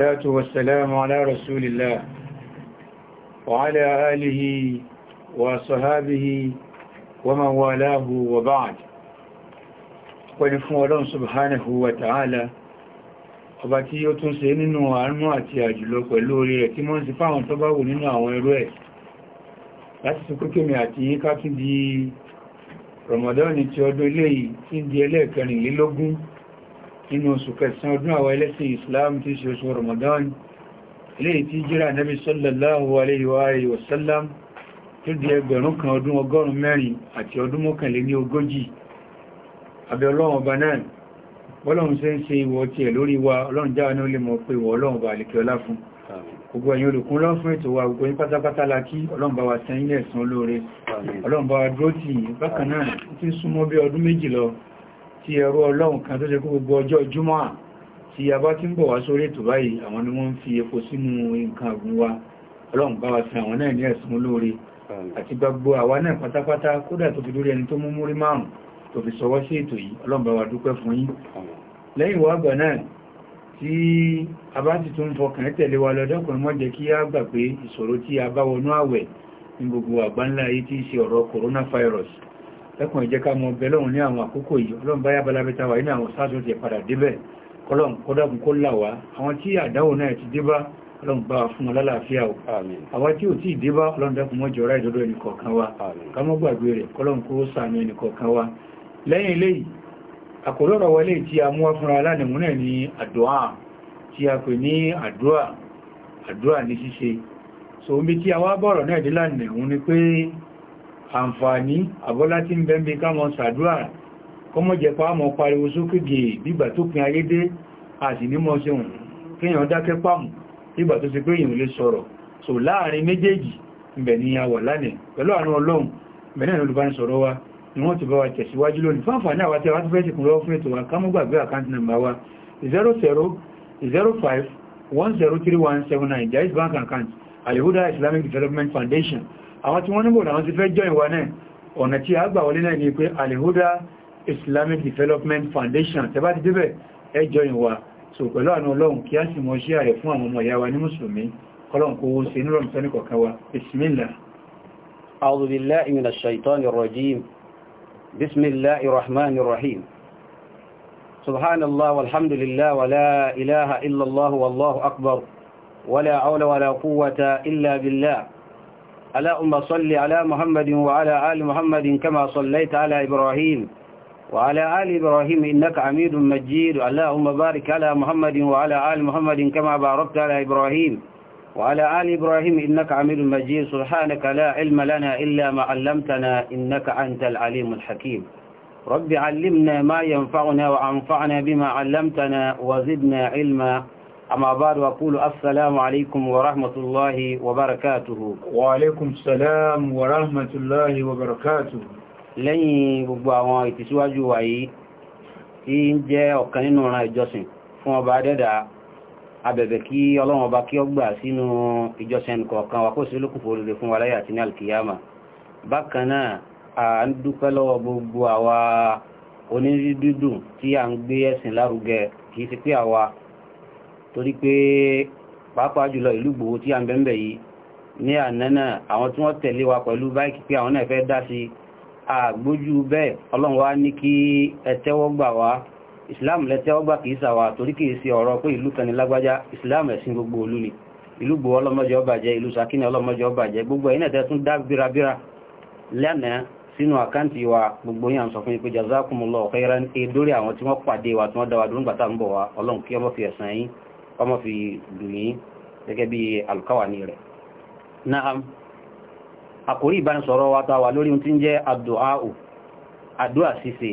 والصلاة والسلام على رسول الله وعلى آله وصحابه ومن والاه وبعد ونفو الله سبحانه وتعالى ọba tí ó tún ṣe nínú àánú àti àjùlọ pẹ̀lú orí rẹ̀ tí mọ́ sí fáwọn tó bá wù nínú àwọn ẹrú ẹ̀ láti sọ kókèmì àti yíká tún di Ramadan ti ọdún ilé yìí tí di ẹlẹ́ẹ̀kẹrìnlélógún 2023 nínú oṣù kẹsàn ọdún àwọn ẹlẹ́sìn islam tí ṣe oṣù ramadan ilé tí jíra nabi sallallahu alaihi wa alihi wasallam tó di ẹgbẹ̀rún kan ọdún ọgọ́rùn mẹ́rin àti ọdún mọ́kànlé ní ogójì abẹ́ ọlọ́run ọba gbogbo ẹ̀yin olùkún lọ fún ètò wa gbogbo yín pátápátá la kí ọlọ́run bá wa sẹ́yìn olóore ọlọ́run wa dúró tì yín bákan náà súnmọ́ bí ọdún méjì lọ ti ẹ̀rọ ọlọ́run kan tó jẹ́ kó gbogbo ọjọ́ júmọ́ tí a bá ti ń bọ̀ wá sórí ètò báyìí àwọn ni wọ́n ń fi epo sínú nǹkan àgùn wa ọlọ́run bá wa fi àwọn náà ní ẹ̀sùn olóore àti gbogbo àwa náà pátápátá kódà tó fi lórí ẹni tó mú múrí márùn tó fi sọwọ́ sí ètò yìí ọlọ́run bá wa dúpẹ́ fún yín a bá ti a gbà pé ìṣòro tí a bá wọnú àwẹ̀ ní gbogbo àgbáńlá yìí lẹ́kùn ìjẹ́ ká mọ bẹ lọ́run ní àwọn àkókò yìí ọlọ́run báyá balabẹ́ta wà nínú àwọn sáàtò ti padà débẹ̀ ọlọ́run kọ́dàkùn kó là wá àwọn tí àdáwò náà ti dé bá ọlọ́run bá fún wọn lálàáfíà o àwọn tí ò tí ì dé bá ọlọ́run dákun mọ́ jọra ìdọ́dọ̀ ẹnì kọ̀ọ̀kan wa ká mọ́ gbàgbé rẹ̀ kọ́lọ́run kó sàánú ẹnì kọ̀ọ̀kan wa lẹ́yìn eléyìí àkòrí ọ̀rọ̀ wọlé tí a mú wá fúnra alánìmú náà ní àdúà tí a pè ní àdúà àdúà ní ṣíṣe so omi a wá bọ̀rọ̀ náà dé lánàá òun àǹfààní àbọ́lá tí ń bẹ́m̀bí kámọ sàdúrà kọmọ jẹpa mọ pariwo sókè gèè bígbà tó pin ayédé àti nímọ̀ síhùn kíyàn dákẹ́ pàmù bígbà tó ti pé èyàn lè sọ̀rọ̀ so láàrin méjèèjì ìbẹ̀ ni a wà lánẹ̀ pẹ̀lú àánú ọlọ́run mẹ́rin olùbánisọ̀rọ̀ wa ni wọ́n ti bá wa tẹ̀síwájú lónìí fáǹfààní àwọn tí a wá tó fẹ́ Bank Account Alihuda Islamic Development Foundation àwọn tí wọ́n níbò làwọn ti fẹ́ jọ ìwà náà ọ̀nà tí a gbà wọlé náà ni pé alihuda islamic development foundation tẹbá ti débẹ̀ ẹ jọ ìwà so pẹ̀lú àánú ọlọ́run kí a sì mọ́ sí ààrẹ fún àwọn ọmọ ìyá wa ní mùsùlùmí kọlọ̀n kó ṣe nírọ̀mù sẹ́nì kọ̀ọ̀kan wa bismillah a'udhu billahi اللهم صل على محمد وعلى آل محمد كما صليت على إبراهيم وعلى آل إبراهيم إنك عميد مجيد اللهم بارك على محمد وعلى آل محمد كما باركت على إبراهيم وعلى آل إبراهيم إنك عميد مجيد سبحانك لا علم لنا إلا ما علمتنا إنك أنت العليم الحكيم رب علمنا ما ينفعنا وأنفعنا بما علمتنا وزدنا علما أما بعد وأقول السلام عليكم ورحمة الله وبركاته وعليكم السلام ورحمة الله وبركاته lẹ́yìn gbogbo àwọn ìtìsíwájú wa yìí tí ń jẹ́ ọ̀kan nínú ọ̀ràn ìjọsìn fún ọba adẹ́dà abẹ̀bẹ̀ kí ọlọ́run ọba kí ó gbà sínú ìjọsìn kọ̀ọ̀kan wa kó sí olókùnfò olùdè fún waláyà àti ní alkiyama bákan náà a ń dúpẹ́ lọ́wọ́ gbogbo àwa onídídùn tí a ń gbé ẹ̀sìn lárugẹ kìí sí pé àwa torí pé pàápàá jùlọ ìlú gbòó tí a ń bẹ́ẹ̀ yìí ní ànánà àwọn tí wọ́n tẹ̀lé wa pẹ̀lú báìkì pé àwọn náà fẹ́ dá sí àgbójú bẹ́ẹ̀ ọlọ́run wá ní kí ẹ wá islam lẹ́tẹ́wọ́ gbà kìí sàwà torí kìí sí ọ̀rọ̀ pé ìlú kan ní lágbájá islam ẹ̀sìn gbogbo olú ni ìlú gbòó ọlọ́mọjọ́ ọbàjẹ́ ìlú sakínà ọlọ́mọjọ́ ọbàjẹ́ gbogbo ẹ̀yin náà tẹ́ tún dá bírabíra lẹ́nàá sínú àkáǹtì wa gbogbo yàn sọ fún yín pé jazakumullahu khairan ní pé dórí àwọn tí wọ́n pàdé wa tí wọ́n dáwà dúró ń gbàtà ń kọ́mọ̀ fi dùn yín gẹ́gẹ́ bí alkawani rẹ̀ náà àkórí ìbánisọ̀rọ̀ wa tàwà lórí tí ń jẹ́ àdúà àdúà ṣíṣe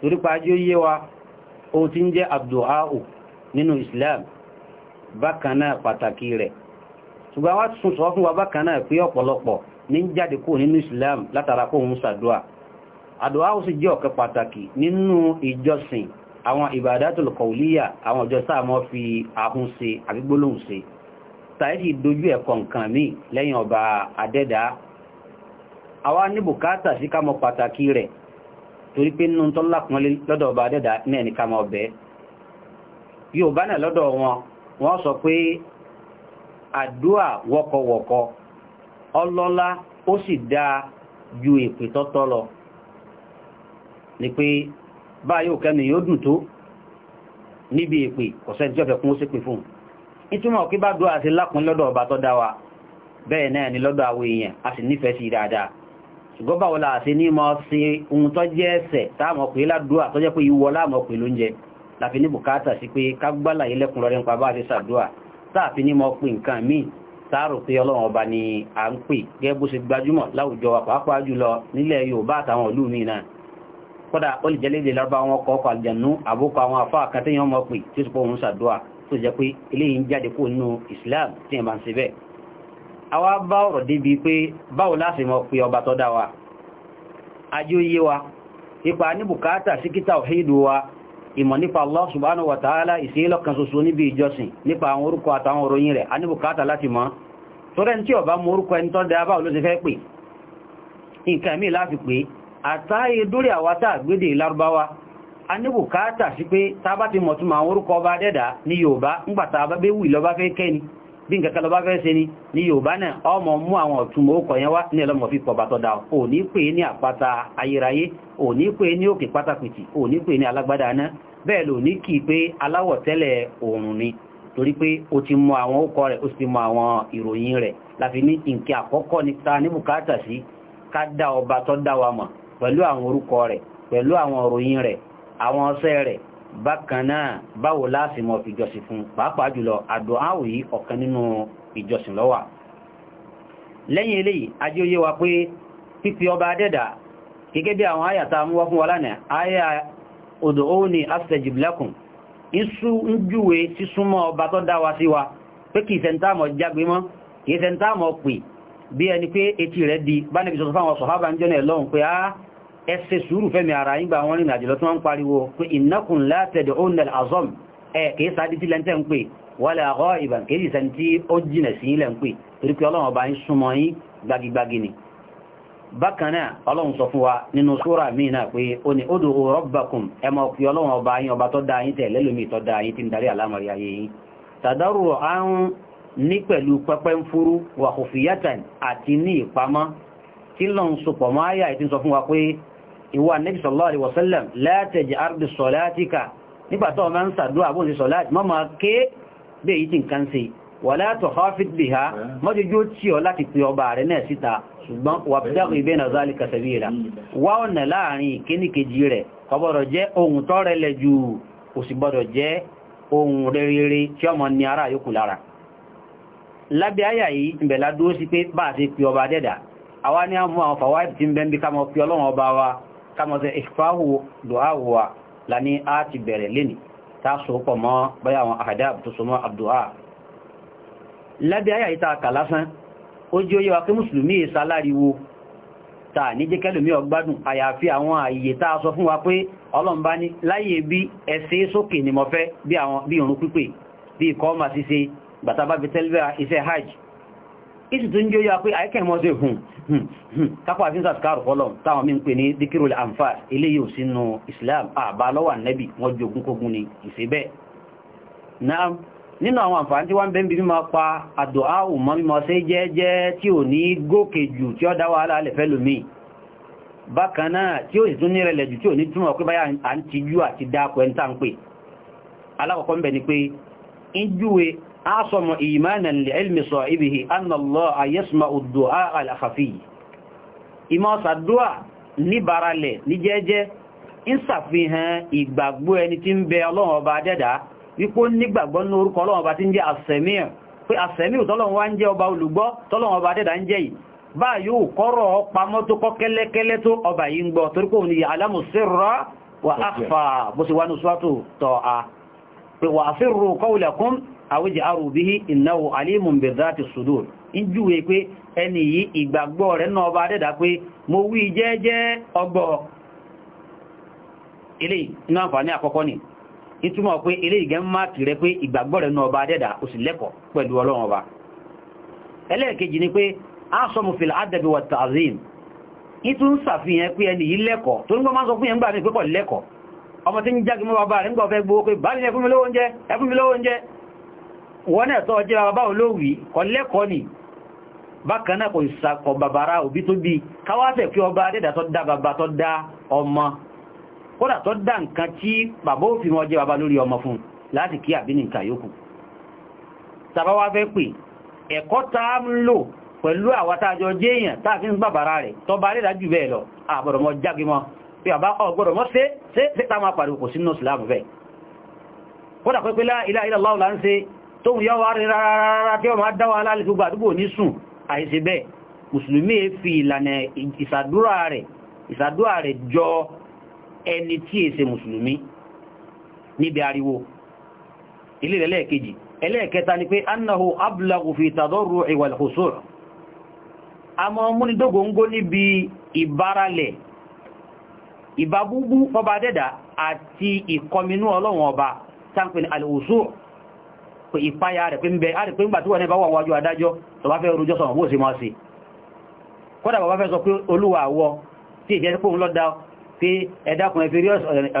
torípa ajé yé wa ó tí ń jẹ́ àdúà nínú Islam bákanáà pàtàkì rẹ̀ ṣùgbọ́n wá tún sọ fún wa bákanáà pé ọ̀pọ̀lọpọ̀ ní jáde kó nínú Islam látara kó ń ṣàdúà àdúà ó sì jẹ́ ọ̀kan pàtàkì nínú ìjọsìn àwọn ìbàdátùl kọ̀wùlíyà àwọn ọjọ́ sáà mọ́ fi ahun ṣe àbí gbólóhùn ṣe tàìtì dojú ẹ̀kọ́ nǹkan míì lẹ́yìn ọba adẹ́dá àwa ní bùkátà sí ká mọ pàtàkì rẹ̀ torí pé nínú tó lápọnlé lọ́dọ̀ ọba adẹ́dá náà ní ká mọ bẹ́ yorùbá náà lọ́dọ̀ wọn wọ́n sọ pé àdúà wọ́kọ̀wọ́kọ ọlọ́lá ó sì dáa ju èpè tọ́tọ́ lọ ni pé báyìí ò kẹ́ni yóò dùn tó níbi èpè ọ̀sẹ̀ tí ọ̀fẹ́ kún ó ṣépè fún ìtumọ̀ kí bá dúà àti lákùn lọ́dọ̀ ọba tó dá wa bẹ́ẹ̀ náà ni lọ́dọ̀ àwọn èèyàn a sì nífẹ̀ẹ́ sí dáadáa ṣùgbọ́n báwo la ṣe ní mọ́ sí ohun tó jẹ́ ẹsẹ̀ táàmọ̀ pé ládùúà tó jẹ́ pé ìwọ láàmọ̀ pé lóúnjẹ láfi ní bùkátà sí pé ká gbálàyé lẹ́kùnrọ́rẹ́ nípa bá a ṣe ṣàdúà táàfi kọ́dà ó lè jẹ́lé ìlera bá wọn kọ́ ọkọ̀ àlùjànnú àbúkọ àwọn afọ àkàtẹ́ yẹn mọ̀ pé tí ó sì pọ̀ òun ṣàdúrà tó jẹ́ pé eléyìí ń jáde kó nínú Islam tí yẹn bá ń ṣe bẹ́ẹ̀. àwa bá ọ̀rọ̀ débi pé báwo láti mọ̀ pé ọba tó dá wa ajé yé wa ipa ní bùkátà síkítà òhìdù wa ìmọ̀ nípa Allah subhanahu wa ta'ala ìṣẹ́lọ́kan ṣoṣo níbi ìjọsìn nípa àwọn orúkọ àtàwọn òròyìn rẹ̀ a ní bùkátà láti mọ̀ tó rẹ̀ tí ọba mú orúkọ ẹni tó dá báwo ló ti fẹ́ pè nǹkan mí láti pè àtàyè dórí àwátà gbédè lárúbáwá a ní bùkátà sí pé tábà ti mọ̀túnmà orúkọ bá dẹ́dà ní Yorùbá ńgbàtà bá béwì lọ bá fẹ́ kẹ́ni bí nǹkan lọ bá fẹ́ ṣe ni ní Yorùbá náà ọmọ mú àwọn ọ̀túnmọ̀ yẹn wá ní ẹlọ́mọ̀ fi torí pé o ti mọ àwọn ókọ rẹ̀ o sì mọ àwọn ìròyìn rẹ̀ láfi ní ta ní sí ká dá ọba wa mọ̀ pẹ̀lú àwọn orúkọ rẹ̀ pẹ̀lú àwọn òròyìn rẹ̀ àwọn ọṣẹ́ rẹ̀ bákan náà báwo láti mọ̀ fi jọ́sìn fún pàápàá jùlọ àdùn áwò yìí ọ̀kan nínú ìjọsìn lọ́wà lẹ́yìn eléyìí ajé oyé wa pé pípi ọba adẹ́dà gẹ́gẹ́ bí àwọn àyàtà mú wá fún wa lánàá àyà odò ó ní astajib isu ń júwe sísúnmọ́ ọba tó dá wa sí wa pé kìí sẹ́ntàmọ̀ jágbe mọ́ kìí sẹ́ntàmọ̀ pè bí ẹni pé etí rẹ̀ di bá níbi sọ fáwọn sọ̀hábà ń jọ́nà ẹ̀lọ́run pé á ah, ẹsẹ sùúrù fẹ́mi ara yíngbà wọn rìn àjò lọ́tún wọn pariwo pé ìnákùn látẹ̀dẹ̀ onel azom ẹ̀ kìí sáàdì tí lẹ́ntẹ́ ń pè wọlé àgọ́ ìbàn kìí sẹ́ni tí ó jìnà ni bákan náà ọlọ́run sọ fún wa nínú sóra míì náà pé ó ní ó dòwò rọ́bàkùn ẹ mọ̀ pé ọlọ́run ọba ní pẹ̀lú pẹ́pẹ́ ń fúrú wà kò fìyàtàn àti ní ìpamọ́ tí lọ ń sopọ̀ mọ́ ayà ìtí sọ fún wa pé ìwà nẹ́bí sallallahu alaihi wasallam látẹ̀jẹ̀ ardi sọ̀látíkà nígbàtọ́ ọmọ ń sàdúrà bóòsí sọ̀láti mọ́mọ́ ké bẹ́ yìí tí nǹkan sí wà látọ̀ hafid bí ha mọ́jọjú tí ọ láti pè ọba rẹ̀ náà síta ṣùgbọ́n wà bẹ́rù ibẹ́ na zálika sabila wá ọ̀nà láàrin ìkéníkejì rẹ̀ kọbọ̀rọ̀ jẹ́ ohun tọ́rẹlẹ̀ ju kò jẹ́ ohun rere tí ọmọ ni ara yókù lára lábẹ́ àyà yìí ìbẹ̀lá dúró sí pé bá àti pí ọba dẹ́dà àwa ní àmú àwọn fàwáìdì tí ń bẹ́m̀bí ká mọ̀ ọlọ́run ọba wa ká mọ̀ sí ìfáhù dùháhùwà lání á ti bẹ̀rẹ̀ lẹ́nì tá a sọ́pọ̀ mọ́ ta kà lásán wa pé mùsùlùmí yìí sáláriwo ta ní jẹ́ kẹlùmí ọgbádùn àyàfi àwọn àyè tá a sọ fún wa pé ọlọ́run bá ní láyé bí ẹsẹ̀ sókè ni mo fẹ́ bí ìrun pípè bí ìkọ́ ọmọ ṣíṣe bàtà bá fi tẹ́lẹ̀ iṣẹ́ hajj ìsì tó hmm, hmm. ń jó yá pé àìkẹ́mọ́ sí hùn kápá fi ń sàskàrù fọ́lọ̀ táwọn mín pè ní díkírò àǹfà ilé yóò sínú islam àbá lọ́wà nẹ́bì wọ́n jogun kógun ni ìsẹ́bẹ̀ náà nínú àwọn àǹfààní tí wọ́n bẹ́ ń bí mímọ́ pa àdọ́á òmọ́ mímọ́ sí jẹ́jẹ́ tí ò ní gòkè jù tí ó dá wàhálà lẹ̀ fẹ́ lómi bákan náà tí ó sì tún nírẹ̀lẹ̀ jù أعصم إيمانا لعلم صاحبه أن الله يسمع الدعاء الأخفي إما صدعاء نبرالي نجيجي ń sàfihàn ìgbàgbọ́ ẹni tí ń bẹ ọlọ́run ọba dẹ́dà wípé ó nígbàgbọ́ ní orúkọ ọlọ́run ọba tí ń jẹ́ àsẹ̀míọ̀ pé àsẹ̀míọ̀ tọ́lọ́run wá ń jẹ́ ọba olùgbọ́ tọ́lọ́run ọba dẹ́dà ń jẹ́ yìí bá yóò kọ́rọ̀ pamọ́ tó kọ́ kẹ́lẹ́kẹ́lẹ́ tó ọba yìí ń gbọ́ torí kò ní alamu sirra wa akhfa bó ṣe wá ní ṣwátò tọ́ a pé wa asirru qawlakum àwíjì arùbíhí ìnáwó alímùn bèzàtì sùdó ń júwe pé ẹni yìí ìgbàgbọ́ rẹ̀ náà bá dẹ́dà pé mo wí jẹ́jẹ́ ọgbọ́ ilé iná àǹfààní àkọ́kọ́ ni ìtumọ̀ pé ilé ìgẹ́ máàkì rẹ̀ pé ìgbàgbọ́ rẹ̀ náà bá dẹ́dà ó sì lẹ́kọ̀ọ́ pẹ̀lú ọlọ́run ọba ni wọ́n náà tọ́ jẹ́ bàbá olówí kọlẹ́kọ́ ni bákanáà kò ìsàkọ̀ bàbára òbí tó bí káwàtẹ̀ pé ọba adẹ́dà tó dá bàbá tó dá ọmọ kódà tó dá nǹkan tí bàbá ó fi mọ́ jẹ́ bàbá lórí ọmọ fún láti kí àbí nǹkan yòókù tàbáwá fẹ́ pè ẹ̀kọ́ tá a ń lò pẹ̀lú àwátájọ jéèyàn tá a fi ń bàbára kódà pé pé ilá ilá láwùlá ń ṣe tóhun yọ́ wá rí rárára tí ọmọ dáwà aláàlẹ́fẹ́ gbàdúgbò ní sùn àìsí bẹ́ẹ̀ mùsùlùmí fi ìlànà ìsàdúrà rẹ̀ ìsàdúrà rẹ̀ jọ ẹni tí è ṣe mùsùlùmí níbi ariwo ilé ẹlẹ́ẹ̀kejì ẹlẹ́ẹ̀kẹta ni pé annahu ablagu fi tàdọ́rù wal khusur àmọ́ múnidógóngó níbi ìbáralẹ̀ ìbábúbú ọba pé ìpáyà rẹ̀ pé ń bẹ àrípé ńgbà tí wọ́n ní bá wà wájú adájọ́ tó bá fẹ́ rojọ́ sọ̀rọ̀ bó sì máa sí kódà bàbá fẹ́ sọ pé olúwa àwọ tí ìjẹ́ pé òun lọ́dá pé ẹ̀dàkùn ẹ̀fẹ́ rí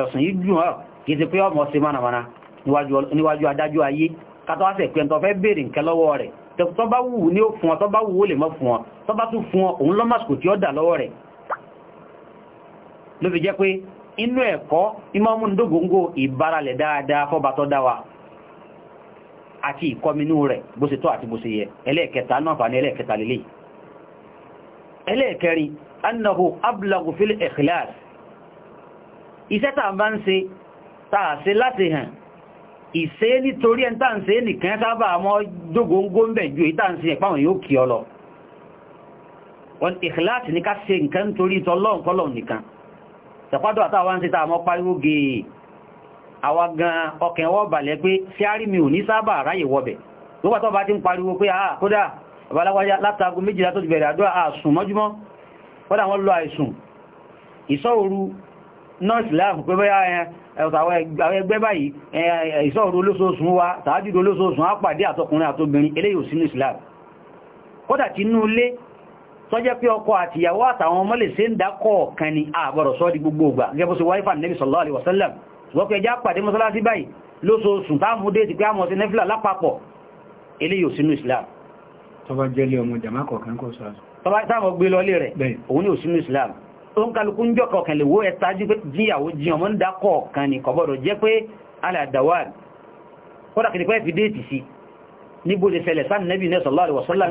ọ̀sùn yìí jù hàn kìí ti pé ọmọ sí mánàmáná níwájú adájọ́ ayé kátọ́ wáṣẹ̀ pé ẹ̀ntọ́ fẹ́ bèèrè nǹkan lọ́wọ́ rẹ̀ tó bá wù ní ó fún ọ tó bá wù ó lè mọ́ fún ọ tó bá tún fún ọ òun lọ́màsìkò tí ó dà lọ́wọ́ rẹ̀ ló fi jẹ́ pé inú ẹ̀kọ́ ìmọ̀ mú ndógóńgó ìbáralẹ̀ dáadáa fọ́bàtọ́ dáwà àti ìkọminú rẹ̀ bó ṣe tọ́ àti bó ṣe yẹ ẹlẹ́ẹ̀kẹta náà fà ní ẹlẹ́ẹ̀kẹta lélẹ̀ ẹlẹ́ẹ̀kẹrin annahu ablagu fil ikhlas iṣẹ́ tàà bá ń ṣe tàà ṣe láti hàn ìṣe nítorí ẹn tàà ń ṣe nìkan sábà mọ́ jógóngó ń bẹ̀ ju èyí tàà ń ṣe ẹ̀páwọn yóò kí ọ lọ wọn ìkìláàtì ní ká ṣe nǹkan nítorí tọlọ́nkọlọ́ nìkan ṣẹ̀pádọ́ àtàwọn ń ṣe tàà mọ́ pariwo gèè àwa gan ọkàn wọ́n balẹ̀ pé síárì mi ò ní sábà ráyè wọ́bẹ̀ lópa tó bá ti ń pariwo pé àà kódà babaláwájá látago méjìlá tó ti bẹ̀rẹ̀ àdúrà àsùn mọ́júmọ́ kódà wọ́n lọ àìsùn ìṣọ́oru nọ́ọ̀sì láàfù pé bẹ́yà ẹgbẹ́ báyìí ìṣọ́oru olóṣooṣùn wa tàájúdó olóṣooṣùn ápàdé àtọkùnrin àtobìnrin eléyìí ò sínú Islam kódà tí inú ilé tọ́jẹ́ pé ọkọ àtìyàwó àtàwọn ọmọ lè ṣe ń dákọ̀ọ̀kan ni àbọ̀rọ̀ sọ́ di gbogbo ògbà gẹ́bọ́sí wáífà nẹ́bí sallallahu wasallam wọ́pẹ́ já pàdé mọ́sálásí báyìí lóṣooṣù táàmù dé ti pé àmọ́ sí nẹ́fìlà lápapọ̀ eléyìí ò sínú Islam tọba jẹ́lé ọmọ jàmá kọ̀ọ̀kan kọ́ sọ́rọ̀ tọba táàmù gbé lọlé rẹ̀ òun ni ò sínú Islam tó ń kálukú ń jọ kọ̀ọ̀kan lè wó ẹta jíyàwó jí ọmọ ń dá kọ̀ọ̀kan ní kọ̀bọ̀dọ̀ jẹ́ pé aládàwàl kódà kìí pẹ́ fi déètì sí níbo lè ṣẹlẹ̀ sáà nẹ́bí ní sallallahu alaihi wasallam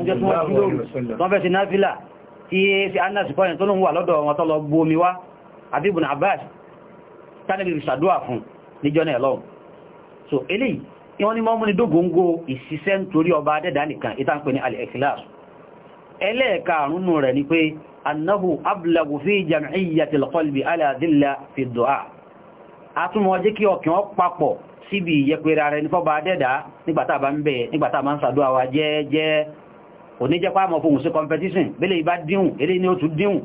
jẹ́ àbíbùn Abbas tánàbí ìṣàdúwà fún níjọ́ náà lọ́wọ́ so eléyìí wọ́n ní mọ́mú ní dógóngó ìṣiṣẹ́ nítorí ọba adẹ́dà nìkan ìtànpẹ́ ní al-ikhlas ẹlẹ́ẹ̀kaàrúnnù rẹ̀ ni pé annahu ablagu fi jam'iyyati al-qalbi ala dhilla fi du'a atúmọ̀ jẹ́ kí ọkàn papọ̀ síbi ìyẹpẹrẹ ara ẹni fọ́ba adẹ́dà nígbàtà bá ń bẹ̀ nígbàtà máa ń sàdúrà wa jẹ́ẹ́jẹ́ oníjẹ́pá mọ̀ fohùn sí competition bẹ́lẹ̀ ìbá díhùn eléyìí ni ó tún díhùn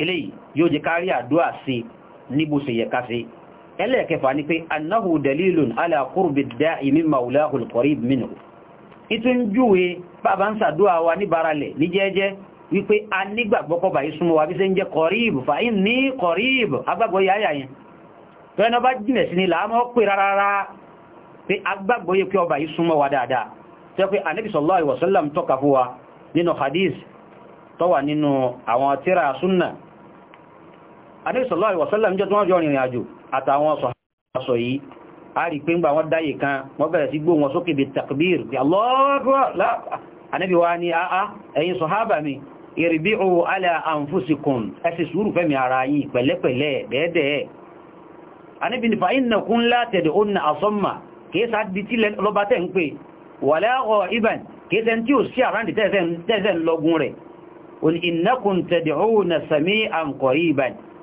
eléyìí yóò jẹ́ kárí àdúà sí níbo ṣe yẹ ká sí ẹlẹ́ẹ̀kẹfà ni pé annahu dalilun ala qurbi da'i min maulahu alqarib minhu ìtún júwe bàbá ń sàdúà wa ní baralẹ̀ ní jẹ́jẹ́ wípé a nígbàgbọ́ kọba ìsúnmọ́ wa bí ṣe ń jẹ́ qarib fàyín ní qarib agbàgbọ́ yáyà yẹn tọ́ẹ̀nà bá jìnà sí ni làámọ́ pè rárá pé agbàgbọ́ yẹ kí ọba ìsúnmọ́ wa dáadáa tẹ́ pé Ànábì sallallahu alaihi tọ́ka fún wa nínú hadith tọ́wà nínú àwọn tíra súnnà àdéṣọ́lá ìwọ̀sọ́lá níjọ́ tí wọ́n jọ rìnrìn àjò àtàwọn sọ̀hásọ̀ yìí a rí pé ń gbà wọ́n dáyè kan wọ́n bẹ̀rẹ̀ sí gbóhùn sókè bí takbir bí anábíwá ni àá ah, ah, ẹ̀yin sọ̀hábà mi ìrìbí ohun alẹ́ àǹfúsìkùn ẹsì sùúrù fẹ́mi ara yìí pẹ̀lẹ́pẹ̀lẹ́ bẹ́ẹ̀dẹ̀ anábí ni fàáyín nà kún látẹ̀dẹ̀ ó na àsọ́mà kéèsà di tí lọ́ba tẹ́ ń pè wàlẹ́ ọ̀ ibàn kéèsà tí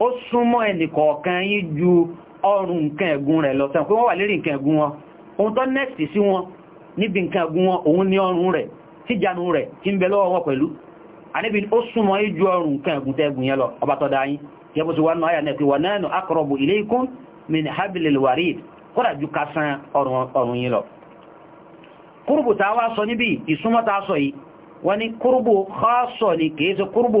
ó súnmọ́ ẹnìkọ̀ọ̀kan yí ju ọrùn nǹkan ẹ̀gún rẹ̀ lọ sẹ́wọ̀n pé wọ́n wà lérí nǹkan ẹ̀gún wọn ohun tó next sí wọn níbi nǹkan ẹ̀gún wọn òun ní ọrùn rẹ̀ tíjanu rẹ̀ tí ń bẹ lọ́wọ́ wọn pẹ̀lú àníbi ó súnmọ́ yí ju ọrùn nǹkan ẹ̀gún tẹ́gùn yẹn lọ ọba tọ́da yín yẹ́bù sí wọn náà pé wọ́n náà akọrọ̀bù ilaykum min hablil warid kódà ju kásán ọrùn ni kìí ṣe kúrùbù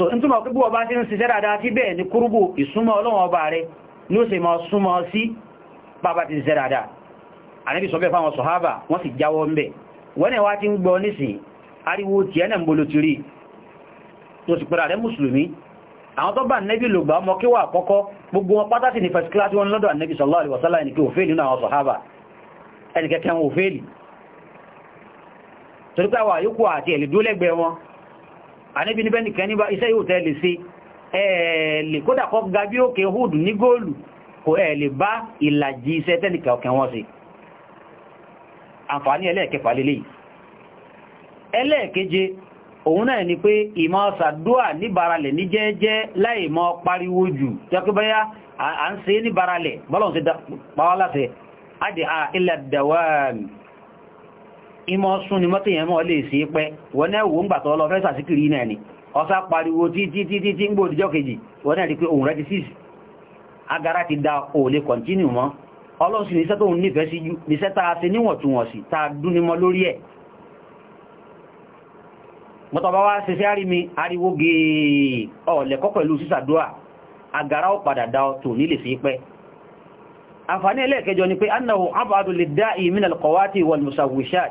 so n túnmọ̀ pípọ̀ ọba tí ń ṣiṣẹ́ dáadáa tí bẹ́ẹ̀ ní kúrúgbò ìsúnmọ́ ọlọ́wọ̀n ọba rẹ̀ ní ó sì mọ́ súnmọ́ sí bàbá ti ṣiṣẹ́ dáadáa àníbì sọ bẹ́ẹ̀ fáwọn sọ̀hábà wọ́n sì jáwọ́ ń bẹ̀ wọ́n wá ti ń gbọ́ nísìn ariwo tí ẹ̀nà ń bolo tiri tó sì pẹ̀rẹ̀ mùsùlùmí àwọn tó bá nẹ́bí lò àníbi níbẹ̀ nìkan níbà iṣẹ́ yóò tẹ́ lè ṣe ẹ̀ẹ̀lẹ̀ kódà kọ́ ga bí òkè hood ní góòlù kò ẹ̀ẹ̀lẹ̀ bá ìlàjì iṣẹ́ tẹ́nìkà ọ̀kẹ́ wọn sí àǹfààní ẹlẹ́ẹ̀kẹfà lélẹ̀ ẹlẹ́ẹ̀keje òun náà ni pé ìmọ̀ sàdúà níbaralẹ̀ ní jẹ́ẹ́jẹ́ láì mọ́ pariwo jù jẹ́kúbẹ́yà ìmọ̀ sún ni mọ́tò yẹn mọ́ lè sí pẹ́ wọ́n náà wò gbà tọ́ lọ fẹ́ sàsíkiri náà ni ọ̀sá pariwo títí títí tí ń gbò òdìjọ́ kejì wọ́n náà rí pé òun rẹ̀ ti sísì agara ti da òòlè kọ̀ntínù mọ́ ọlọ́run sì níṣẹ́ tó ń nífẹ̀ẹ́ sí ju níṣẹ́ tá a ṣe níwọ̀ntúnwọ̀nsì tá a dúnimọ́ lórí ẹ̀ mọ́tọ̀bá wá ṣe sí àrími ariwo gèè ọ̀lẹ̀kọ́ pẹ̀lú sísàdúà agara ó padà min al qawati wal musawwishat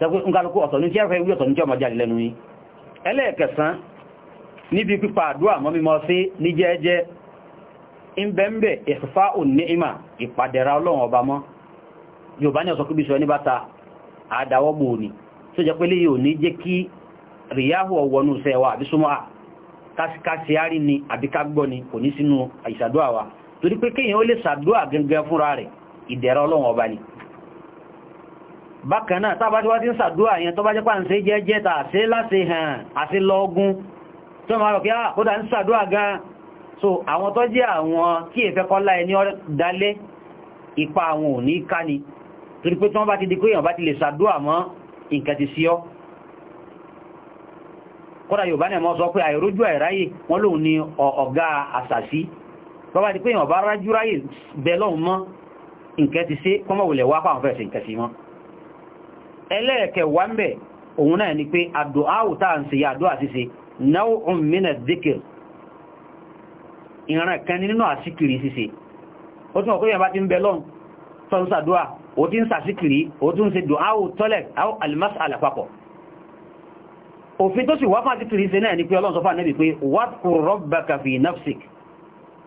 tẹ́kù ǹkálukú ọ̀tọ̀ ní tí ẹ̀fẹ́ ìwé ọ̀tọ̀ ní tí ọmọ jáde lẹ́nu yìí ẹlẹ́ẹ̀kẹsán níbi pípa àdúrà mọ́ mímọ́ sí ní jẹ́ẹ́jẹ́ ìbẹ̀m̀bẹ̀ ìfà òníìmà ìpàdẹ̀ra ọlọ́run ọba mọ́ yorùbá ní ọ̀sọ̀ kíbíṣọ́ ní bàtà àdáwọ́gbò òní tó jẹ́ pé léyìí òní jẹ́ kí ríyáhù ọwọ́nú sẹ́wà ọlọ́run ọba ni bákanáà tàbá tí wá ti ń sàdúrà yẹn tó bá jẹ́ pà ń ṣe jẹ́jẹ́ tà sí láti hàn àti lọ́gún tó máa rọ̀ kí á kódà ń sàdúrà gan so àwọn tó jẹ́ àwọn kí èfẹ́ kọ́lá ẹni dalé ipa àwọn ò ní ká ni torí pé tí wọ́n bá ti di pé èèyàn bá ti lè sàdúrà mọ́ nǹkan ti sí ọ́ kódà ni ọ̀gá àṣàsí tó bá di pé èèyàn bá rájú ráyè bẹ́ẹ̀ lọ́hùn mọ́ nǹkan pàwọn fẹ́ sí nǹkan ẹlẹ́ẹ̀kẹwàá ń bẹ̀ òun náà ni pé àdúà tá ń ṣe yàdó àṣíṣe náà mìnà díkìr ìran kan nínú àṣíkiri ṣíṣe ó tún ọkọ́ yẹnbá ti ń bẹ lọ́n tó ó ti ń sàṣíkiri ó tún ṣe dùn áwò tọ́lẹ̀ áwò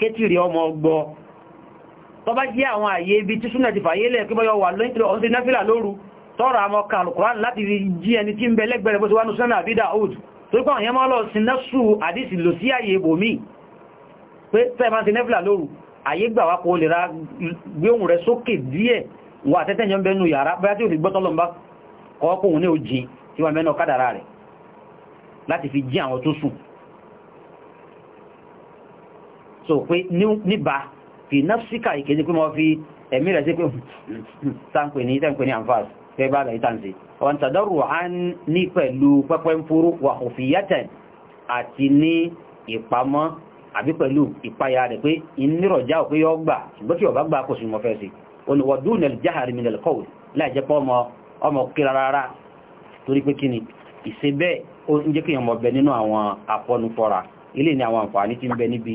kétìrí ọmọ ọgbọ́ tó bá jẹ́ àwọn àyè ibi tí súnà ti fàyé lẹ̀ pé bọ́yọ̀ wà lóyìntìlọ ọdún náfílà lóru tọ́rọ àmọ́ ka alùkùránì láti jí ẹni tí ń bẹ lẹ́gbẹ̀rẹ̀ bó ti wá ní súnà àbídà old tó pọ̀ àwọn yẹmọ́ lọ sí nẹ́sù àdísì lò sí àyè ibòmí pé tẹ́ máa ti náfílà lóru àyè gbà wá kó lè ra gbé ohun rẹ̀ sókè díẹ̀ wà tẹ́tẹ́ yẹn bẹnu yàrá bóyá tí ò fi gbọ́ so pé níbà fi nafsika ìkéde pé wọ́n fi ẹ̀mí rẹ̀ sí pé tánpè ní tánpè ní àǹfààs fẹ́ bá rẹ̀ tánṣe wọn tàdọ́rù á ní pẹ̀lú pẹ́pẹ́ ń fúrú wà òfìyàtẹ̀ àti ní ìpamọ́ àbí pẹ̀lú ìpayà rẹ̀ pé ìnírọ̀já ò pé yọ gbà ṣùgbọ́n tí ọba gbà kò sí mọ́ fẹ́ sí olùwọ̀dún nẹ̀lì jáhàrí mi nẹ̀lẹ̀kọ́ láìjẹ́pọ̀ ọmọ ọmọ kíra rárá torí pé kíni ìṣe bẹ́ẹ̀ ó ń jẹ́ kí èèyàn bẹ nínú àwọn àpọnufọ́ra ilé ní àwọn àǹfààní tí ń bẹ níbi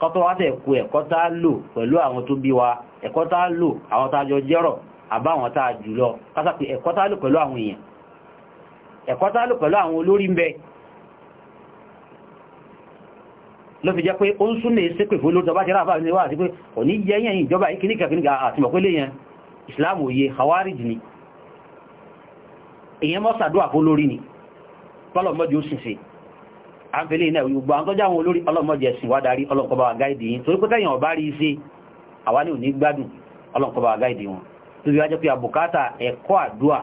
kọ́ tó wá tẹ̀ kú ẹ̀kọ́ tá a lò pẹ̀lú àwọn tó bí wa ẹ̀kọ́ tá a lò àwọn tá a jọ jẹ́rọ̀ àbá àwọn tá a jù lọ kásàpé ẹ̀kọ́ tá a lò pẹ̀lú àwọn èèyàn ẹ̀kọ́ tá a lò pẹ̀lú àwọn olórí ń bẹ ló fi jẹ́ pé ó ń súnmọ̀ èsì fún olóòtọ́ bá ti ráfà ní wà sí pé ò ní yẹ yẹn ìjọba ìkíníkà kíníkà àtìmọ̀ pé léyẹn òye hawarij ni èèyàn mọ́ sàdúà fún ni tọ́lọ̀ sì sí àǹfẹ́lẹ́ iná ìwé gbogbo àwọn tó jáwọn olórí ọlọ́mọdé ẹ̀sìn wá darí ọlọ́nkọba àgáìdì yìí torí pé tẹ́yìn ọ̀bá rí iṣẹ́ àwa ní òní gbádùn ọlọ́nkọba àgáìdì wọn tó bí wájẹ́ pé àbùkátà ẹ̀kọ́ àdúà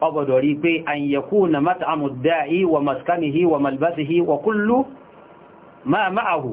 tó ọgbọ̀dọ̀ rí pé àyẹ̀kú na mata amùdá yìí wà maskanihi wà malbasihi wà kullu máa máa hù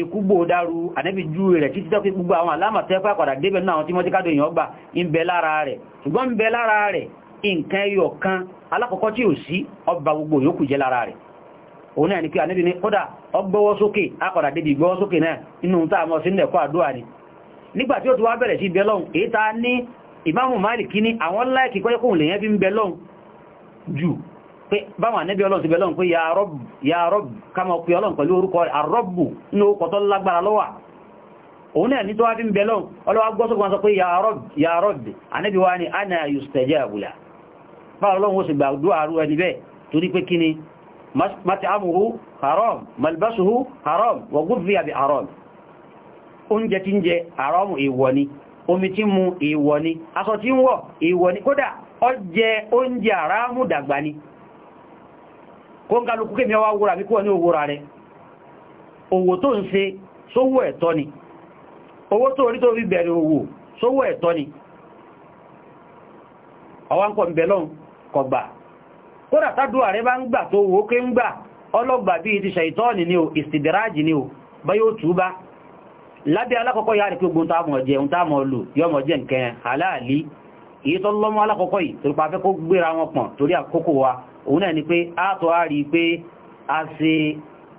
ìkúgbò dáru ànẹ́bì jú rẹ̀ títí fi gbogbo àwọn alámàtẹ́ pàpàdà débẹ̀ náà tí wọ́n ti kádò èèyàn gbà ń bẹ lára rẹ̀ ṣùgbọ́n ń bẹ lára rẹ̀ nǹkan ẹyọ kan alákọ̀ọ́kọ́ tí ò sí ọba gbogbo yòókù jẹ́ lára rẹ̀ òun náà ni pé ànẹ́bì ní kódà ọgbọ́wọ́ sókè a ni pé báwọn ànẹ́bí ọlọ́run ti bẹ̀ lọ́run pé ya rọ́b kama pé ọlọ́run pẹ̀lú orúkọ àrọ́bù ní ó kọ̀tọ́ lágbára lọ́wà òun náà ní tó wá fi ń bẹ̀ lọ́run ọlọ́wà gbọ́sọ́gbọ́n pé ya rọ́b ya rọ́b ànẹ́bí wá ní ana yustajabu la báwọn ọlọ́run ó sì gbà dúà haram malbasuhu haram wa ghudhiya bi haram oúnjẹ haram èèwọ̀ ni omi tí mu èèwọ̀ ni aṣọ tí ń oúnjẹ àrámù dàgbà ni kó ń kálukú kémi ọwá wúra bí kúwọ ní owóra rẹ̀ owó tó ń ṣe sówó ẹ̀tọ́ ni owó tó orí tó fi bẹ̀rẹ̀ owó sówó ẹ̀tọ́ ni ọwá ń kọ̀ ìbẹ̀lọ́n kọgbà kódà bá ń gbà tó owó ké ń gbà ọlọ́gbà bí ti ni o ni o bá yóò tó alákọ̀ọ́kọ́ yìí kó gbéra wọn wa òun náà ni pé àtọ́ á rí pé a ṣe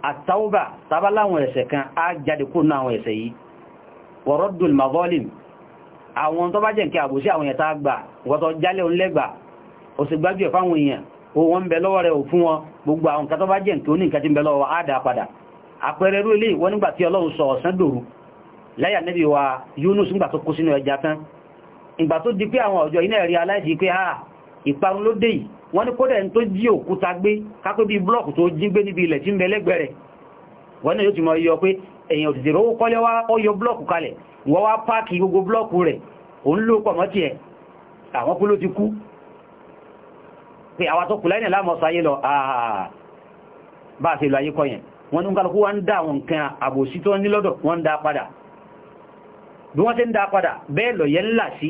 àtàwùbà tàbá láwọn ẹ̀ṣẹ̀ kan á jáde kúrò náà àwọn ẹ̀ṣẹ̀ yìí wọ̀rọ̀dùn mazolim àwọn tó bá jẹ́ nkẹ́ àbòsí àwọn ẹ̀ta gbà wọ́tọ̀ jálẹ̀ onílẹ́gbà òsìgbájú ẹ̀ fáwọn èèyàn òun ń bẹ lọ́wọ́ rẹ̀ ò fún wọn gbogbo àwọn nǹkan tó ń bẹ wa Yunus nígbà tó kó sínú ẹja tán ìgbà tó di pé ìparun ló dé yìí wọ́n ní kódà ẹni tó jí òkúta gbé kápé bí blọ́ọ̀kù tó jí gbé níbi ilẹ̀ tí ń bẹ lẹ́gbẹ̀ẹ́ rẹ̀ wọ́n náà yóò ti mọ̀ yọ pé èèyàn òtìtì rówó kọ́lé wá ó yọ blọ́ọ̀kù kalẹ̀ wọ́n wá páàkì gbogbo blọ́ọ̀kù rẹ̀ òun ló pọ̀ mọ́ tiẹ̀ àwọn kú ló ti kú pé àwọn tó kù láìní lámọ̀sọ lọ bá a ṣe lọ ayé kọ yẹn wọ́n ní kálukú wá ń dá àwọn nǹkan àbòsí tó ní lọ́dọ̀ wọ́n ń dá padà bí wọ́n ti ń dá padà bẹ́ẹ̀ lọ yẹn ńlá sí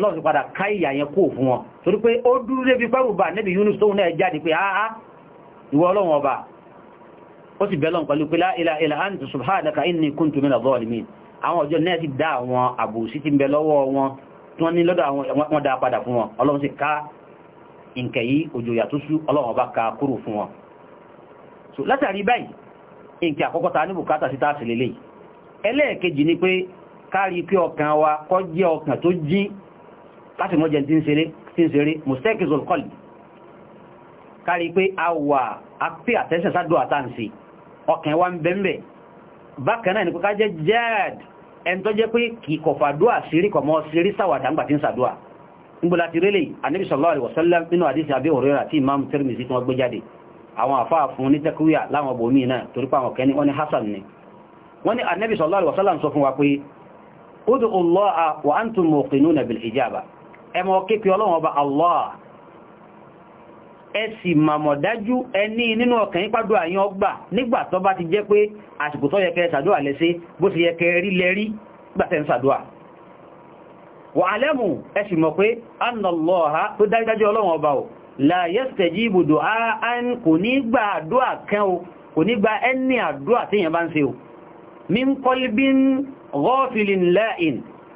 lọ́lọ́run ti padà ká ìyà yẹn kó fún wọn torí pé ó dúró lébi pẹ́rùbà níbi Yunus tóun náà jáde pé àá ìwọ ọlọ́run ọba ó sì bẹ́lọ́n pẹ̀lú pé la ilaha illa anta subhanaka inni kuntu minaz zalimin àwọn ọjọ́ náà ti dá àwọn àbòsí ti ń bẹ lọ́wọ́ wọn tí wọ́n ní lọ́dọ̀ àwọn so látàrí báyìí ìǹkẹ̀ àkọ́kọ́ ta ní bùkátà sí táàsì lélẹ̀ ẹlẹ́ẹ̀kejì ni pé kárí pé ọkàn wa kó jẹ́ ọkàn tó jí láti mọ́jẹ tí ń ṣeré tí ń ṣeré mustekizol kọlì kárí pé a wà á pé àtẹ́sẹ̀ sádùn àtàǹsì ọkàn wa ń bẹ́m̀bẹ̀ bákan náà ní kọ́ká jẹ́ jẹ́ẹ̀d ẹn tó jẹ́ pé kì kọ̀fàdúà sírí kọ̀mọ́ sírí sàwàdà ńgbà tí ń sàdúà ńgbòlá ti rélẹ̀ Ànábì sallallahu alaihi wasallam nínú àdísì Abi Hurairah tí Imam Tirmidhi tí wọ́n gbé jáde àwọn àfáà fún ní tẹ́kúyà láwọn ọbọ̀ míì náà torí pé àwọn kẹni wọ́n ní ẹmọ kéèkì ọlọ́run ọba Allah ẹ sì màmọ̀ dájú ẹni nínú ọkàn yín pàdó àyín ọgbà nígbà tó bá ti jẹ́ pé àsìkò tó yẹ kẹ́ ṣàdúà lẹ́sẹ́ bó ti yẹ kẹ́ rí lẹ́rí gbàtẹ́ ń ṣàdúà wà alẹ́mù ẹ sì mọ̀ pé annàlọ́ha tó dájúdájú ọlọ́run ọba ò min kọlbin gọ́ọ̀fìlìn lẹ́ìn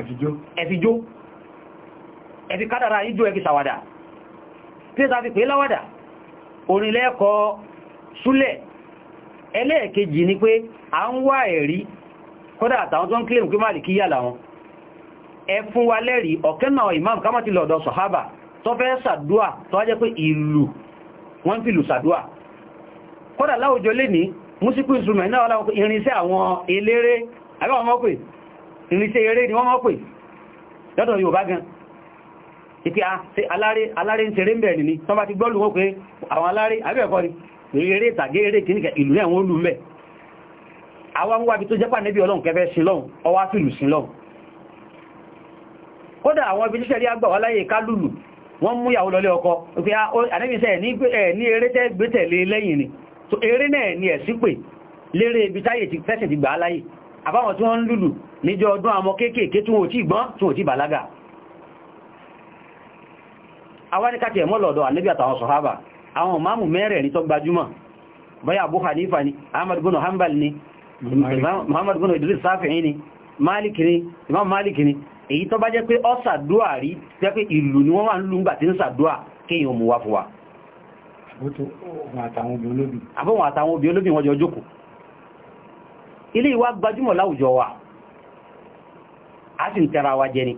ẹ̀fìjó ẹ̀fì kádàrà ìjó ẹ̀fì sàwádà tí ó tàbí pé láwádà orílẹ̀-ẹ̀kọ́ súlẹ̀ ẹlẹ́ẹ̀kejì ni pé a ń wá ẹ̀rí kódà àtàwọn tó ń kílèmù pé máàlì kíyà làwọn ẹ fún wa lẹ́rí ọ̀kẹ́nà imam kámọ́tí lọ́dọ̀ sọ̀hábà tó fẹ́ sàdúà tó wájẹ́ pé ìlú wọ́n fi lù sàdúà kódà láwùjọ lè ní músíkù instrument náà láwọn irinṣẹ́ àwọn eléré àbáwọn mọ́pẹ̀ irinṣẹ́ eré ni wọ́n mọ́ pè lọ́dọ̀ Yorùbá gan ìpí aláré ń ṣeré ń bẹ̀rẹ̀ ní tán bá ti gbọ́lù wọ́n pé àwọn aláré abẹ́ẹ̀kọ́ ni eré ìtàgé eré kìíníkà ìlú náà wọ́n lù mẹ́ àwọn ń wábi tó jẹ́pà níbi ọlọ́run kẹfẹ́ sí lọ́run ọwá sí lù sí lọ́run kódà àwọn ibi tíṣẹ́rí àgbà wá láyé ká lùlù wọ́n mú ìyàwó lọlé ọkọ pé ànẹ́bìsẹ̀ ní eré tẹ́ gbé tẹ̀lé lẹ́yìn ni so eré náà ni ẹ̀sí pé lérè ibi táyè ti fẹ́sẹ̀ ti gbà á láyé àbáwọn tí wọ́n ń lùlù níjọ ọdún àmọ́ kéékèèké tún ò tí gbọ́n tún ò tí bàlágà awáríkàtí ẹ̀mọ́ lọ́dọ̀ ànábì àtàwọn sọ̀hábà àwọn máàmù mẹ́rẹ̀ẹ̀rin tó gbajúmọ̀ báyà Abu Hanifa ni Ahmad bin Hanbal ni Muhammad bin Idris Safi'i ni Malik ni Imam Malik ni èyí tó bá jẹ́ pé ọ́ sàdúà rí jẹ́ pé ìlú ni wọ́n wà ń lú ńgbà tí ń sàdúà kéèyàn mú wá fún wa àbọ̀wọ̀n àtàwọn obì olóbì wọn ilé ìwà gbajúmọ̀ láwùjọ wa a sì ń tẹ́ra wa jẹ ni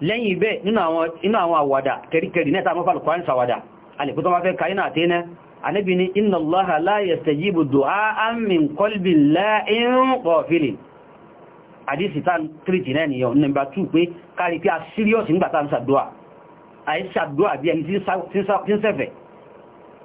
lẹ́yìn ibẹ̀ nínú àwọn àwàdà kẹrìkẹrì náà tàbí fàlùkù àrùn sàwàdà alìkútọ́ máa fẹ́ kàínà àti iná anábi ni inna allaha la yastajibu du'a min qalbin la'in qafilin àdísì tá tírìtì náà nìyàn nọmbà 2 pé kárí pé a síríọ́sì nígbàtà ń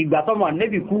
ìgbà tọ́mọ nẹ́bì kú